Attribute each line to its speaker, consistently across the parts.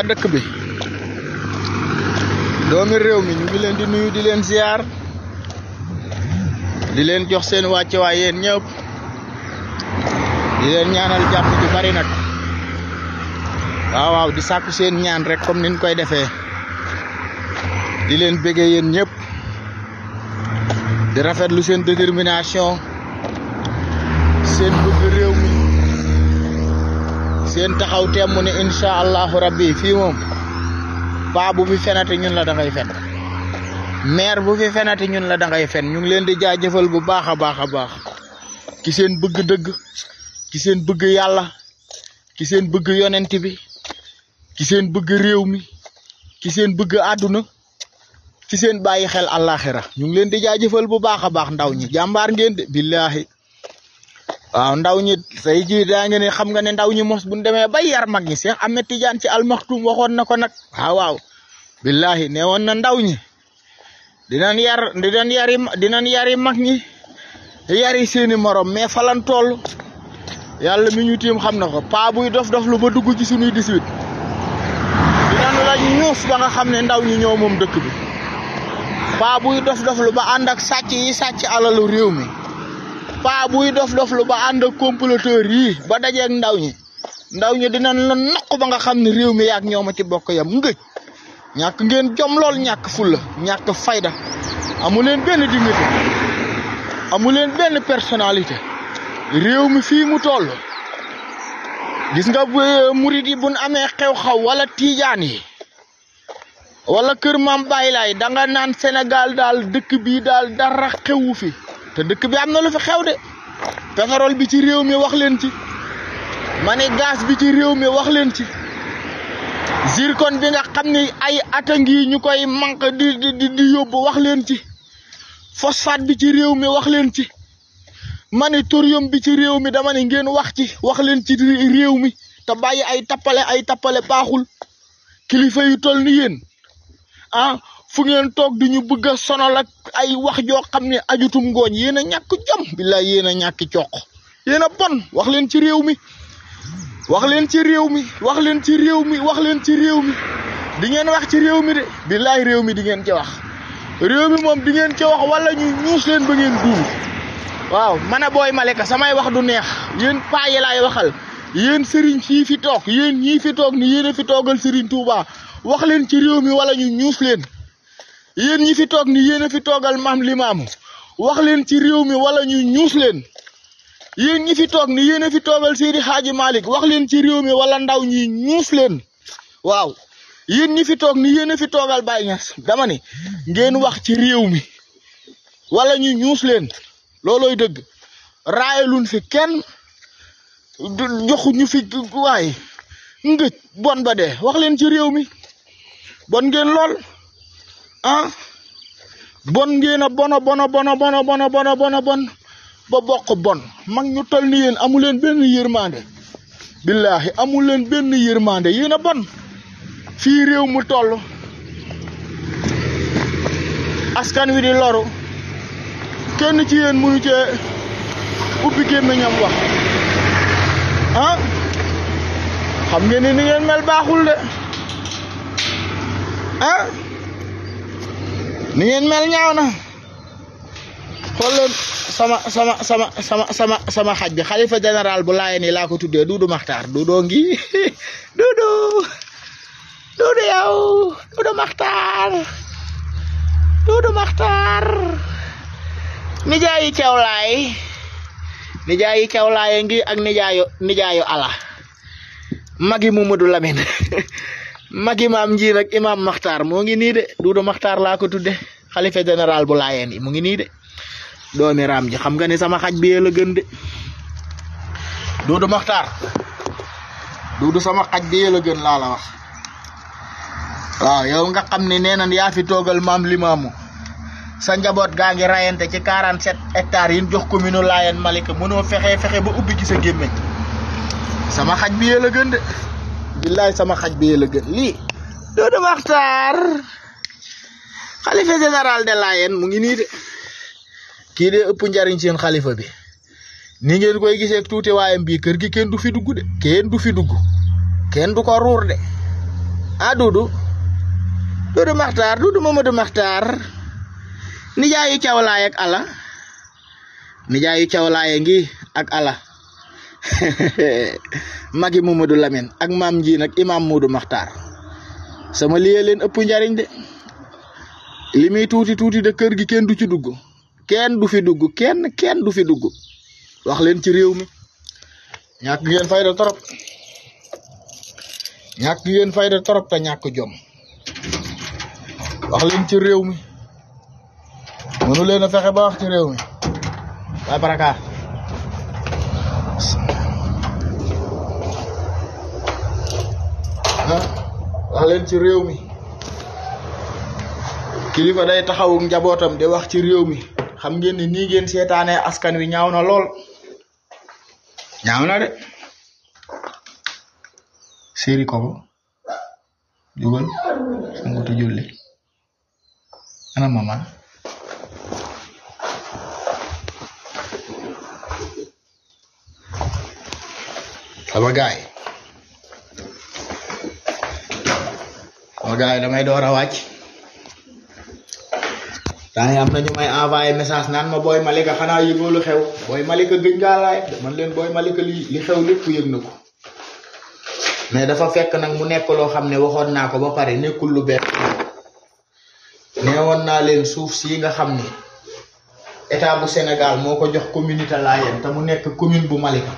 Speaker 1: waa dëkk bi doomi réew mi ñu ngi leen di nuyu di leen ziar di leen jox seen wàcce waay yéen ñëpp di leen ñaanal jàpp ju bari nag waaw waaw di sàkku seen ñaan rek comme niñ koy defee di leen bége yéen ñëpp di rafetlu seen détermination seen bëgg réew seen taxaw temm ne incha allahu rabbi fii moom paa bu fi fenati ñun la dangay fen maire bu fi fenati ñun la dangay fen ñu ngi leen di jëfal bu baax a baax a baax ci seen bëgg dëgg ci seen bëgg yàlla ci seen bëgg yonent bi ci seen bëgg réew mi ci seen bëgg àdduna ci seen bàyyi xel àllaaxira ñu ngi leen di jëfal bu baax a baax ndaw ñi jàmbaar ngeen de billaahi waaw ah, ndaw ñi say ji da nga ne xam nga ne ndaw ñi mos bu démé ba yar mag ñi Cheikh Ahmed Tidiane ci al maktoum waxon nako nak ah, waaw waaw billahi ne woon na ndaw ñi dinañ yar dinañ yari dinañ yari mag ñi yari seeni morom mais fa lan toll yalla mi ñu tim xam nako pa buy dof dof lu ba dugg ci suñu 18 dinañu la ñuus ba nga xam ne ndaw ñi ñoo mom dëkk bi pa buy dof dof lu ba ànd ak sàcc yi sacc alalu réew mi Pabu buy dof dof lu ba and ak comploteur yi ba ak ndaw ñi ndaw ñi dinañ la nokku ba nga xamni réew mi yaak ñoma ci bokk yam ngeej ñak ngeen jom lool ñak fayda amu leen ben dignité amu leen ben personnalité réew mi fi mu toll gis nga eh, murid yi buñ amé xew xaw wala tidiane yi wala keur mam bàyyi laay da nga nan sénégal dal dëkk bi dal dara xewu fi te dëkk bi am na lu fi xew de pétrole bi ci réew mi wax leen ci ma ne bi ci réew mi wax leen ci zircon bi nga xam ne ay ata ngi ñu koy manque di di di yóbbu wax leen ci phosphate bi ci réew mi wax leen ci mani ne bi ci réew mi dama ne ngeen wax ci wax leen ci réew mi te bàyyi ay tappale ay tappale baaxul kilifa yu toll ni yéen ah, fu ngeen toog di ñu bëgg a sonal ak ay wax joo xam ne ajutum ngooñ yéen a ñàkk jom billaay yéen a ñàkk coq yéen a bon wax leen ci réew mi wax leen ci réew mi wax leen ci réew mi wax leen ci réew mi di ngeen wax ci réew mi de billaay réew mi di ngeen ci wax réew mi moom di ngeen ci wax wala ñu ñuus leen ba ngeen waaw booy maleka samay wax du neex yéen paa yi laay waxal yéen sëriñ ci fi toog yéen ñii fi toog ni yéen a fi toogal sëriñ touba wax leen ci réew mi wala ñu ñuus leen yéen ñi fi toog ni yéen a fi toogal maam limaamu wax leen ci réew mi wala ñu ñuus leen yéen ñi fi toog ni yéen a fi toogal Seydi Xaaji malik wax leen ci réew mi wala ndaw ñi ñuus leen waaw yéen ñi fi toog ni yéen a fi toogal baay Niass dama ne ngeen wax ci réew mi wala ñu ñuus leen loolooy dëgg raayaluñ fi kenn joxu ñu fi waaye ngëj bon ba dee wax leen ci réew mi bon ngeen lool ah bon ngeen a bon a bon a bon a bon a bon a bon a bon ba bokk bon mag ñu tol ni yéen amu leen benn yërmande billaahi amu leen benn yërmande yéen a bon fii réew mu toll askan wi di loru kenn ci yéen mënu cee ubbi gémmiñam wax ah xam ngeen ni ni ngeen mel baaxul de ah mel melnya ona. Kolon sama sama sama sama sama sama hajja khalifa general bu laay ni laa ko tuddee dudu maktar Duudu ngi dudu dudu yow dudu maktar, nijai Maxtaar nijaayi ceew laay nijaayi ciow lay ngi ak nijaayu ala magi Mamadou Lamine Maki maam ji imam maktar, mo ngi ni de duudu maxtaar la ko tudde xalifa general bu layen mo ngi ni de doomi ram ji xam nga ne sama xaj be la gën de sama xaj be la gën la la wax waaw yow nga xam ne nee nan yaa fi togal mam limamu sa njabot ga ngi rayante ci 47 hectares yin jox Malika fexé fexé ba ubbi ci sa gemme sama xaj bi la billahi sama xaj bi la gën do Doudou Makhtar khalifa general de Layène mu ngi siang de ki de ëpp njariñ seen khalifa bi ni ngeen koy gisee tuuti waayam bii kër gi kën du fi dugg de kën du fi dugg kën du ko rour de ah dudu Doudou Makhtar Doudou ni jaay ci wala ak ala ci wala ngi ak ala magi momadou lamine ak mam ji nak imam modou makhtar sama liye len ëpp njariñ de limi touti touti de keur gi ken du ci dugg ken du fi dugg ken ken du fi dugg wax len ci rew mi ñak ngeen fayda torop ñak ngeen fayda torop ta ñak jom wax len ci rew mi mënu leen fexé ba wax ci rew mi bay baraka wax leen ci rew mi kilifa day taxaw njabotam di wax ci rew mi xam ngeen ni ni ngeen seetaanee askan wi ñaawna lol ñaawna ñaaw na de séri ko ko jugal sangu julli ana mama sama guy. waaw gars da damay doora wacc tay am na ñu may envoyer message nan ma boy Malika xanaa yëgoo lu xew boy Malika gëj ga lay man leen boy Malika li li xew lepp yëg nako mais dafa fekk nak mu nekk lo xamne waxon nako ba pare nekkul lu bet neewon na leen suuf si nga xamne état bu Sénégal moko jox communauté Layène ta mu nekk commune bu Malika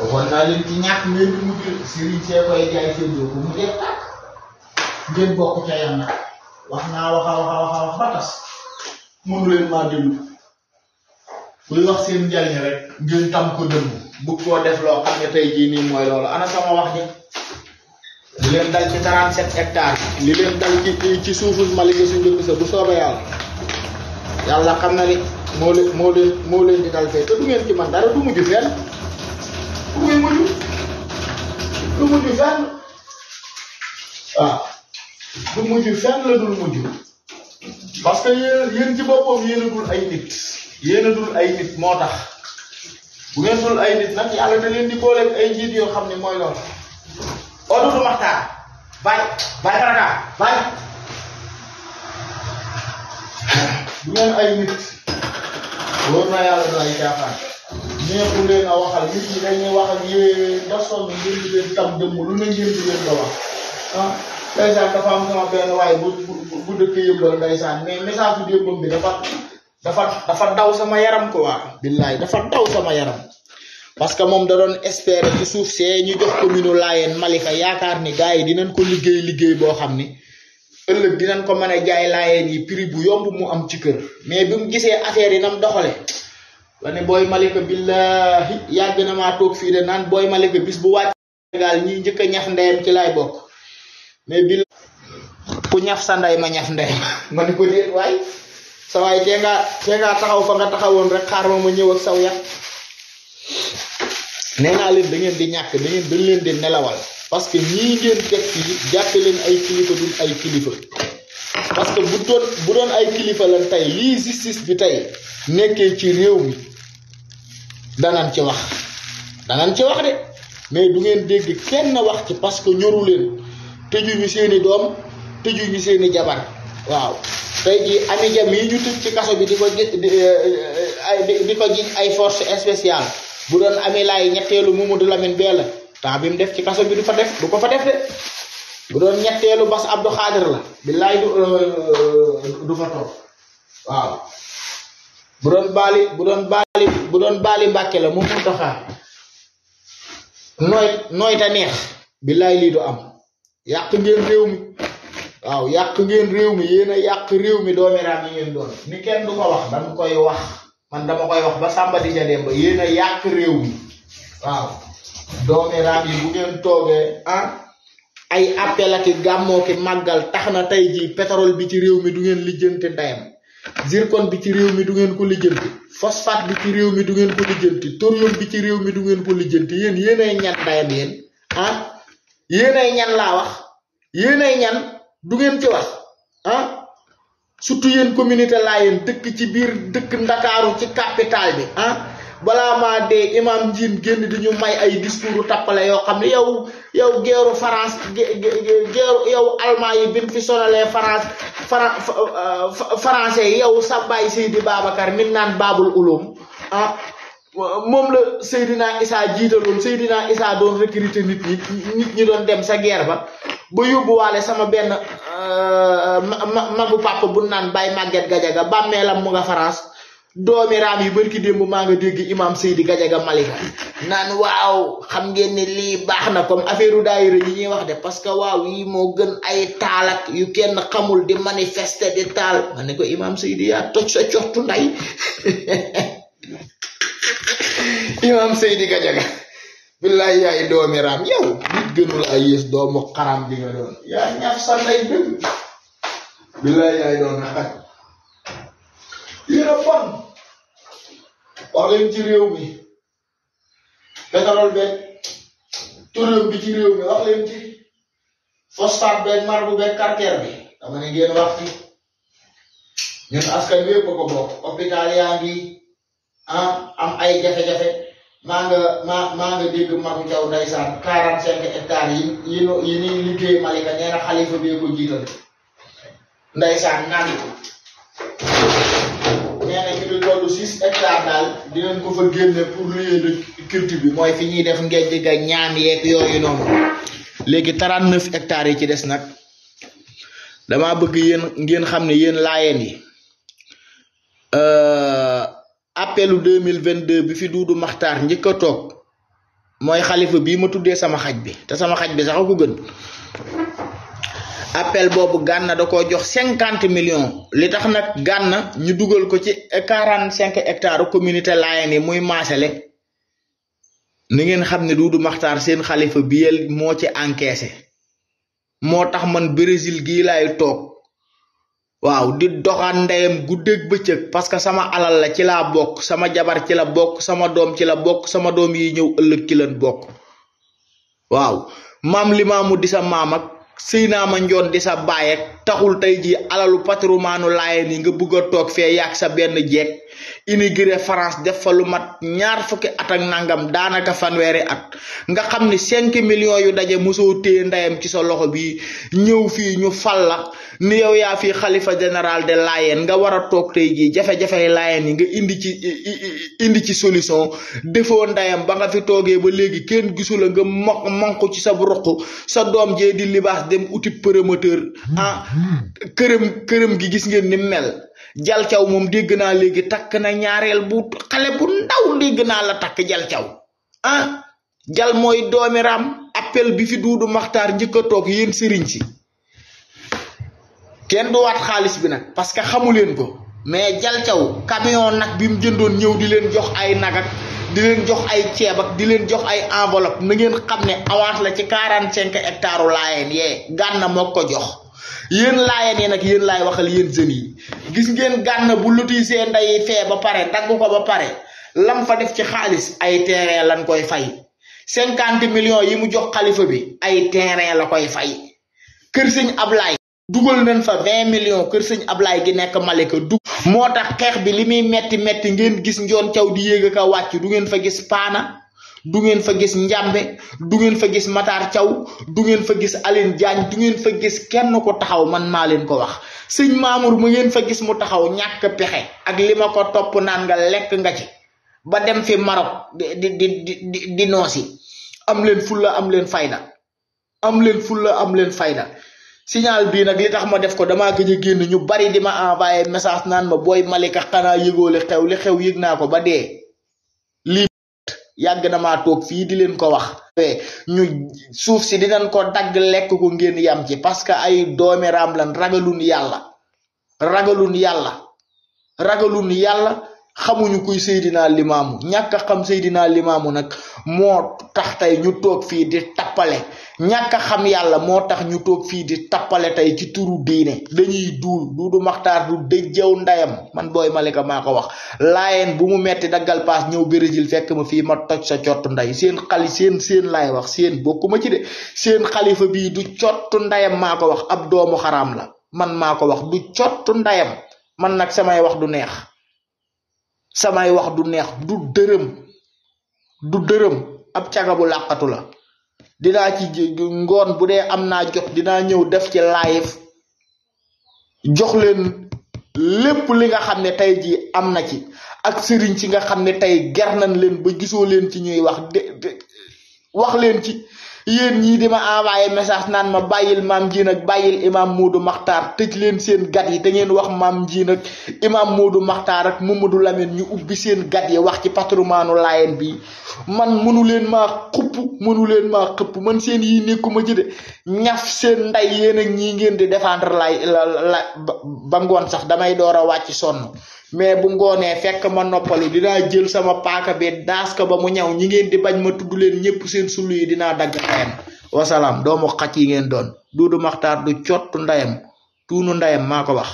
Speaker 1: waxon na leen ci ñàkk mbir mi mu jël Serigne Cheikh koy jaay séddoo ko mu def tak ngeen bokk ca yàlla wax naa waxa waxa waxa wax ba tas mënu leen maa déglu buy wax seen njariñ rek ngeen tam ko dëmm bu koo def loo xam ne tey jii nii mooy loolu ana sama wax ji li leen dal ci 37 hectares li leen dal ci ci suufus malika suñ dëkk sa bu soobee yàlla yàlla xam na ni moo leen moo leen moo leen di dal fee te du ngeen ci man dara du mujj fenn du ngeen mujj du mujj fenn waaw du mujj fenn la mujj parce que yéen yéen ci boppam yéen a ay nit yéen a ay nit moo tax bu ngeen dul ay nit nag yàlla da leen di booleeg ay njiit yoo xam ne mooy loolu oo du waxtaan bàyyi bàyyi baraka bàyyi bu ngeen ay nit wóor na yàlla du ay caaxaan ñeexu leen a waxal nit ñi dañuy wax ak yéen ba sonn ngeen di leen tam dëmm lu ne ngeen di leen ko wax ah ndeysaan dafa am sama benn waaye bu bu bu dëkk yëmbal ndeysaan mais message bi yëmbam bi dafa dafa dafa daw sama yaram quoi bilai dafa daw sama yaram parce que moom da doon espérer ci suuf see ñu jox commune laayeen malika yaakaar ni gars yi dinañ ko liggéey liggéey boo xam ni ëllëg dinañ ko mën a jaay yi prix bu yomb mu am ci kër mais bi mu gisee affaire yi nam doxale la ne booy malika billahi yàgg na maa toog fii de naan booy malika bis bu wàcc Sénégal ñi njëkk a ñax ndeyam ci laay bokk mais bil ku ñaf sa nday ma ñaf nday ma ni ko déet way sa way te nga te nga taxaw fa nga taxawon rek xaar ma ma ak saw ya neena leen da ngeen di ñak da ngeen dañ leen di nelawal parce que ñi ngeen tek ci jappel leen ay kilifa du ay kilifa parce que bu doon bu doon ay kilifa lan tay li justice bi tay nekké ci réew mi danañ ci wax danañ ci wax de mais du ngeen dégg kenn wax ci parce que ñoru leen ñu seeni doom ñu seeni jabar waaw tey ji ami jam yi ñu tëj ci kaso bi di ko eh, eh, di ko ay force spéciale bu doon ami laay ñetteelu Mamadou Lamine Bell temps bi mu def ci kaso bi du fa def du ko fa def de bu doon ñetteelu bas Abdou Khadir la billaay du eh, du fa toog waaw bu doon baali bu doon baali bu doon baali Mbàkke la mu mun taxaa nooy ta neex billaay lii du am yàq ngeen réew mi waaw yàq ngeen réew mi yéen a yàq réew mi doomeraam yi ngeen doon ni kenn du ko wax dama koy wax man dama koy wax ba Samba di dem ba yéen yàq réew mi waaw doomeraam yi bu ngeen toogee ah, ay appel ak gàmmoo ki màggal tax na tey ji pétrole bi ci réew mi du ngeen lijjanti ndayam zircon bi ci réew mi du ngeen ko lijjanti phosphate bi ci réew mi du ngeen ko lijjanti thorium bi ci réew mi du ngeen ko lijjanti yéen yéen ay ah. ñan ndayam yéenay ñan laa wax yéenay ñan du ngeen ci wax ah surtout yéen communauté Layène dëkk ci biir dëkk Ndakaaru ci capital bi ah balaa maa dee imam njiin génn di ñu may ay discours tappale yoo xam ne yow yow geeru France geeru yow allemand yi bin fi sonalee France euh, français yi yow sa baay Seydi Babacar min naan baabul ulum ah mom la sayidina Isa jiitaloon sayidina Isa don recruter nit ñi nit ñi don dem sa guerre ba ba walé sama ben, euh, magu papa bu naan Baye Maguette Gadiaga bamélam mu nga France doomi ram yi barki dembu ma nga deg imam Seydi Gadiaga malik nan waw xam ngeen ni li baxna comme affaireu daire yi ñi wax de parce que waw yi mo gën ay talak, yu kenn xamul di manifester di tal ma ko imam sayyid ya toj sa ciortu nday imam Seydi Gajaga billaay yaay doomi ram yow nit gënul ay do mo xaram bi nga doon ya ñaf sa lay dëgg billahi ya doon na xaj yéen a fan leen ci réew mi pétrole beeg turéem bi ci réew mi wax leen ci phosphate beeg marbu bek carter bi dama ne ngeen wax ci ñun askan wépp ko bokk hôpital yaa ngi am ay jafé jafé ma nga ma nga dégg Magu Thiaw ndeysaan quarante cinq hectares yi yi ñu yi ñuy liggéey Malika néna khalifa bi bee ko jiital ndeysaan nan nee na ñu di toll six hectares di dinañ ko fa génné pour lieu de culture bi moy fi ñi def ngejj ga ñaan yeeg yooyu noonu léegi trente neuf hectares yi ci dess nak dama bëgg yeen ngeen xamné yeen layen yi euh appelu 2022 bi fi Duudu maxtar njëkk a toog mooy xalifa bii ma tuddee sama xaj bi te sama xaj bi sax a ko gën appel boobu Gana da koo jox cinquante million li tax nag Gana ñu dugal ko ci quarante cinq hectares communauté Layène yi muy maasale ni ngeen xam ne Duudu Maxtaar seen xalifa bi moo ci encaissé moo tax man Brésil gii laay toog waaw di doxaan ndeyam guddeeg bëccëg parce que sama alal la ci laa bokk sama jabar ci la bokk sama doom ci la bokk sama doom yi ñëw ëllëg ci leen bokk waaw maam limaamu di sa maam ak sëy naa ma njoon di sa baay ak taxul tey jii alalu patrimoine laayeen yi nga bëgg toog fee yàq sa benn jeeg immigré France def fa lu mat ñaar fukki at ak nangam daanaka fanweeri at nga xam ni cinq millions yu daje mosoo téye ndeyam ci sa loxo bi ñëw fii ñu fal la ni yow yaa fii xalifa général de Layène nga war a toog tey gi jafe-jafe Layène yi nga indi ci indi ci solution defoo ndeyam ba nga fi toogee ba léegi kenn gisu la nga mokk monk ci sa ruq sa doom jee di libaas dem uti promoteur ah këram këram gi gis ngeen ni mel jal caw mom deg na legi tak na ñaarel bu xale bu ndaw dégg naa la tak jal caw ah jal moy doomi ram appel bi fi duudu maktar njëkk a toog yéen sëriñ si kenn du waat xaalis bi nak parce que xamulen ko mais jal caw camion nak bi mu jëndoon di leen jox ay nag ak di leen jox ay tieb ak di leen jox ay enveloppe na ngeen xamne ne la ci 45 cinq hectares laayeen ye gànna jox yéen laayeen nag yéen laay waxal yéen jeunes yi gis ngeen gànn bu lutisee nday fee ba pare dagg ko ba pare lam fa def ci xaalis ay terrain lañ koy fay cinquante million yi mu jox xalifa bi ay terrain la koy fay kër sëñ Ablaay dugal nañ fa vingt million kër sëñ Ablaay gi nekk Malika dug moo tax xeex bi li muy metti metti ngeen gis njoon caw di yéeg a wàcc du ngeen fa gis paana du ngeen fa gis njàmbe du ngeen fa gis Matar caw du ngeen fa gis alin Diagne du ngeen fa gis kenn ko taxaw man maa leen ko wax sëñ Mamour mu ngeen fa gis mu taxaw ñàkk pexe ak li ma ko topp naan nga lekk nga ci ba dem fi Maroc di di di di noosi am leen fulla am leen fayda am leen fulla am leen fayda signal bii nag li tax ma def ko damaa gëj a génn ñu bari di ma envoyé message naan ma booy Malika xanaa yëgoole xew li xew yëg naa ko ba dee yàgg na maa toog fii di leen ko wax ñu suuf si di dinañ ko dagg lekk ko ngeen yam ci parce que ay doomi raam lan ragalun yàlla ragalun yàlla ragalun yàlla xamuñu kuy sayidina limamu ñàkk xam sayidina limamu nag moo tax tey ñu toog fii di tappale ñàkk xam yàlla moo tax ñu toog fii di tappale tey ci turu diine dañuy duul duudu maxtaar du dëjjaw ndayam man booy malika maa ko wax laayeen bu mu metti daggal paas ñëw brésil fekk ma fii ma toj sa cott nday seen xali seen seen laay wax seen bokkuma ci de seen xalifa bii du cott ndayam maa ko wax ab doomu xaraam la man maa ko wax du cott ndayam man nag samay wax du neex samay wax du neex du dërëm du dërëm ab cagabu làqatu la dinaa ci ngoon bu dee am naa jot dinaa ñëw def ci live jox leen lépp li nga xam ne tey jii am na ci ak sëriñ ci nga xam ne tey ger nañ leen ba gisoo leen ci ñuy wax de wax leen ci yéen ñii di ma envoyé message naan ma bàyyil maam njiin ak bàyyil imam Moodu Maxtaar tëj leen seen gat yi te ngeen wax maam njiin ak imam Moodu Maxtaar ak Mamadou Lamine ñu ubbi seen gat yi wax ci patrimoine u Laayeen bi man mënu leen maa xupp mënu leen maa xëpp man seen yi nekkuma ci de ñaf seen nday yéen ak ñii ngeen di défendre laay la la ba ngoon sax damay door a wàcc sonn mais bu ngoonee fekk ma noppali dinaa jël sama paaka bi daas ko ba mu ñaw ñi ngeen di bañ ma tudd leen ñëpp seen sullu yi dinaa dagg ndayam wasalaam doomu xaj yi ngeen doon duudu maxtaar du cottu ndayam tuunu ndayam maa ko wax